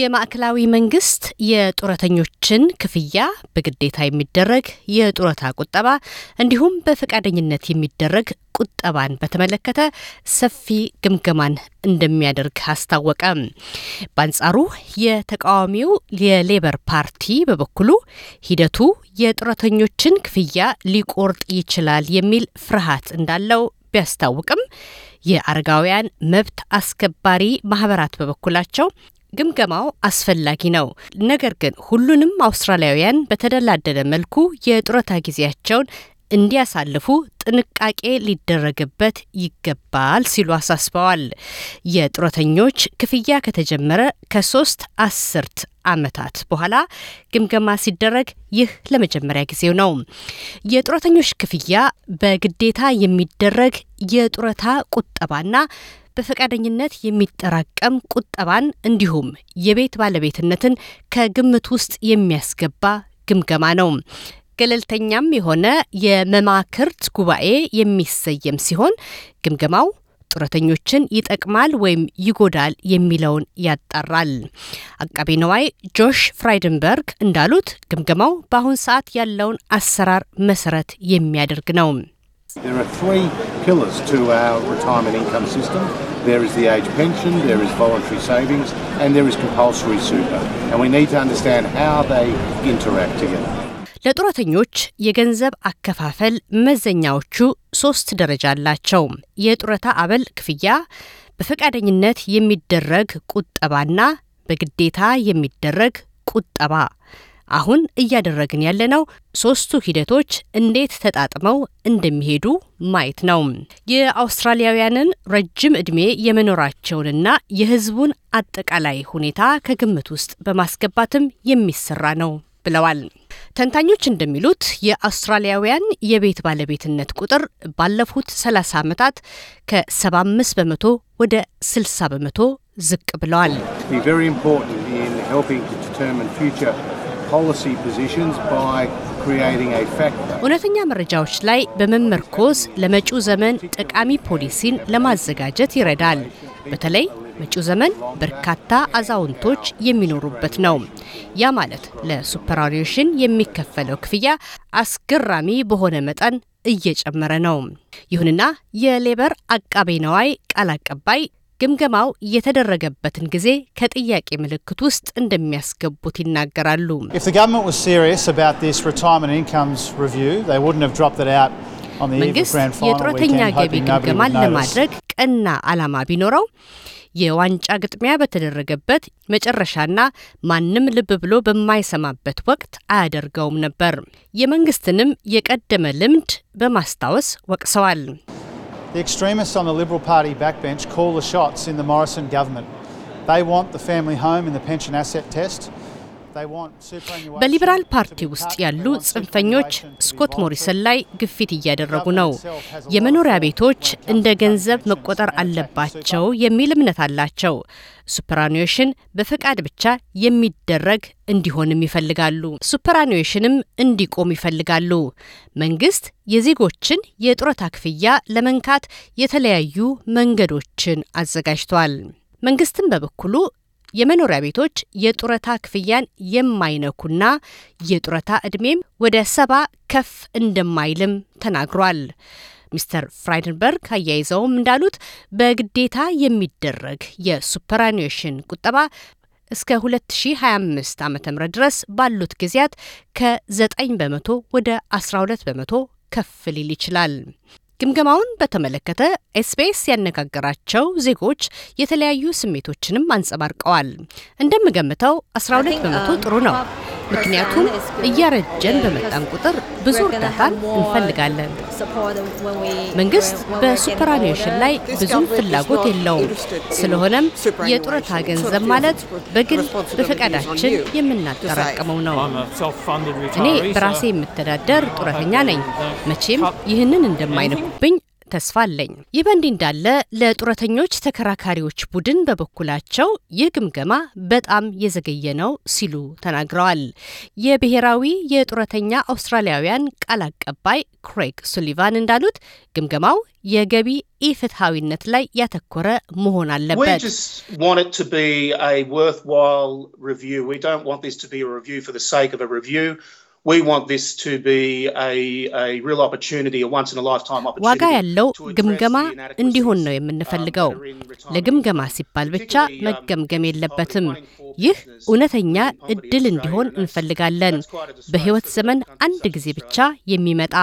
የማዕከላዊ መንግስት የጡረተኞችን ክፍያ በግዴታ የሚደረግ የጡረታ ቁጠባ እንዲሁም በፈቃደኝነት የሚደረግ ቁጠባን በተመለከተ ሰፊ ግምገማን እንደሚያደርግ አስታወቀ። በአንጻሩ የተቃዋሚው የሌበር ፓርቲ በበኩሉ ሂደቱ የጡረተኞችን ክፍያ ሊቆርጥ ይችላል የሚል ፍርሃት እንዳለው ቢያስታውቅም የአረጋውያን መብት አስከባሪ ማህበራት በበኩላቸው ግምገማው አስፈላጊ ነው። ነገር ግን ሁሉንም አውስትራሊያውያን በተደላደለ መልኩ የጡረታ ጊዜያቸውን እንዲያሳልፉ ጥንቃቄ ሊደረግበት ይገባል ሲሉ አሳስበዋል። የጡረተኞች ክፍያ ከተጀመረ ከሶስት አስርት ዓመታት በኋላ ግምገማ ሲደረግ ይህ ለመጀመሪያ ጊዜው ነው። የጡረተኞች ክፍያ በግዴታ የሚደረግ የጡረታ ቁጠባና በፈቃደኝነት የሚጠራቀም ቁጠባን እንዲሁም የቤት ባለቤትነትን ከግምት ውስጥ የሚያስገባ ግምገማ ነው። ገለልተኛም የሆነ የመማክርት ጉባኤ የሚሰየም ሲሆን ግምገማው ጡረተኞችን ይጠቅማል ወይም ይጎዳል የሚለውን ያጣራል። አቃቢ ነዋይ ጆሽ ፍራይደንበርግ እንዳሉት ግምገማው በአሁን ሰዓት ያለውን አሰራር መሰረት የሚያደርግ ነው። pillars to our retirement income system. There is the age pension, there is voluntary savings, and there is compulsory super. And we need to understand how they interact together. ለጡረተኞች የገንዘብ አከፋፈል መዘኛዎቹ ሶስት ደረጃ አላቸው። የጡረታ አበል ክፍያ፣ በፈቃደኝነት የሚደረግ ቁጠባና በግዴታ የሚደረግ ቁጠባ አሁን እያደረግን ያለነው ሶስቱ ሂደቶች እንዴት ተጣጥመው እንደሚሄዱ ማየት ነው። የአውስትራሊያውያንን ረጅም ዕድሜ የመኖራቸውንና የሕዝቡን አጠቃላይ ሁኔታ ከግምት ውስጥ በማስገባትም የሚሰራ ነው ብለዋል። ተንታኞች እንደሚሉት የአውስትራሊያውያን የቤት ባለቤትነት ቁጥር ባለፉት 30 ዓመታት ከ75 በመቶ ወደ 60 በመቶ ዝቅ ብለዋል። እውነተኛ መረጃዎች ላይ በመመርኮዝ ለመጪው ዘመን ጠቃሚ ፖሊሲን ለማዘጋጀት ይረዳል። በተለይ መጪው ዘመን በርካታ አዛውንቶች የሚኖሩበት ነው። ያ ማለት ለሱፐራሪዮሽን የሚከፈለው ክፍያ አስገራሚ በሆነ መጠን እየጨመረ ነው። ይሁንና የሌበር አቃቤ ነዋይ ቃል አቀባይ ግምገማው የተደረገበትን ጊዜ ከጥያቄ ምልክት ውስጥ እንደሚያስገቡት ይናገራሉ። መንግስት የጡረተኛ ገቢ ግምገማን ለማድረግ ቀና ዓላማ ቢኖረው የዋንጫ ግጥሚያ በተደረገበት መጨረሻና ማንም ልብ ብሎ በማይሰማበት ወቅት አያደርገውም ነበር። የመንግስትንም የቀደመ ልምድ በማስታወስ ወቅሰዋል። The extremists on the Liberal Party backbench call the shots in the Morrison government. They want the family home in the pension asset test. በሊበራል ፓርቲ ውስጥ ያሉ ጽንፈኞች ስኮት ሞሪሰን ላይ ግፊት እያደረጉ ነው። የመኖሪያ ቤቶች እንደ ገንዘብ መቆጠር አለባቸው የሚል እምነት አላቸው። ሱፐራኒዌሽን በፈቃድ ብቻ የሚደረግ እንዲሆንም ይፈልጋሉ። ሱፐራኒዌሽንም እንዲቆም ይፈልጋሉ። መንግስት የዜጎችን የጡረታ ክፍያ ለመንካት የተለያዩ መንገዶችን አዘጋጅቷል። መንግስትም በበኩሉ የመኖሪያ ቤቶች የጡረታ ክፍያን የማይነኩና የጡረታ ዕድሜም ወደ ሰባ ከፍ እንደማይልም ተናግሯል። ሚስተር ፍራይደንበርግ አያይዘውም እንዳሉት በግዴታ የሚደረግ የሱፐራኒዌሽን ቁጠባ እስከ 2025 ዓ ም ድረስ ባሉት ጊዜያት ከ9 በመቶ ወደ 12 በመቶ ከፍ ሊል ይችላል። ግምገማውን በተመለከተ ኤስቢኤስ ያነጋገራቸው ዜጎች የተለያዩ ስሜቶችንም አንጸባርቀዋል። እንደምገምተው 12 በመቶ ጥሩ ነው፣ ምክንያቱም እያረጀን በመጣን ቁጥር ብዙ እርዳታን እንፈልጋለን። መንግስት በሱፐራኒሽን ላይ ብዙም ፍላጎት የለውም። ስለሆነም የጡረታ ገንዘብ ማለት በግል በፈቃዳችን የምናጠራቅመው ነው። እኔ በራሴ የምተዳደር ጡረተኛ ነኝ። መቼም ይህንን እንደማይነኩብኝ ተስፋ አለኝ። ይህ በእንዲህ እንዳለ ለጡረተኞች ተከራካሪዎች ቡድን በበኩላቸው ይህ ግምገማ በጣም የዘገየ ነው ሲሉ ተናግረዋል። የብሔራዊ የጡረተኛ አውስትራሊያውያን ቃል አቀባይ ክሬግ ሱሊቫን እንዳሉት ግምገማው የገቢ ኢፍትሐዊነት ላይ ያተኮረ መሆን አለበት። ዋጋ ያለው ግምገማ እንዲሆን ነው um, የምንፈልገው። ለግምገማ ሲባል ብቻ um, መገምገም የለበትም። ይህ እውነተኛ እድል እንዲሆን እንፈልጋለን። በሕይወት ዘመን አንድ ጊዜ ብቻ የሚመጣ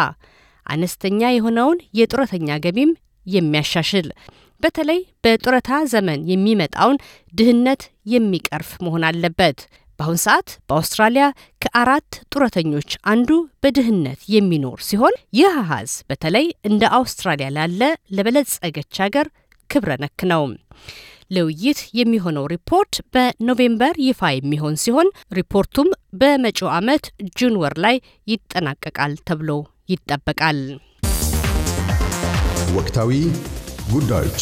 አነስተኛ የሆነውን የጡረተኛ ገቢም የሚያሻሽል በተለይ በጡረታ ዘመን የሚመጣውን ድህነት የሚቀርፍ መሆን አለበት። በአሁን ሰዓት በአውስትራሊያ ከአራት ጡረተኞች አንዱ በድህነት የሚኖር ሲሆን ይህ አሃዝ በተለይ እንደ አውስትራሊያ ላለ ለበለጸገች ሀገር ክብረ ነክ ነው። ለውይይት የሚሆነው ሪፖርት በኖቬምበር ይፋ የሚሆን ሲሆን ሪፖርቱም በመጪው ዓመት ጁን ወር ላይ ይጠናቀቃል ተብሎ ይጠበቃል። ወቅታዊ ጉዳዮች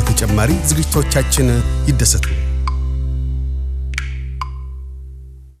በተጨማሪ ዝግጅቶቻችን ይደሰቱ።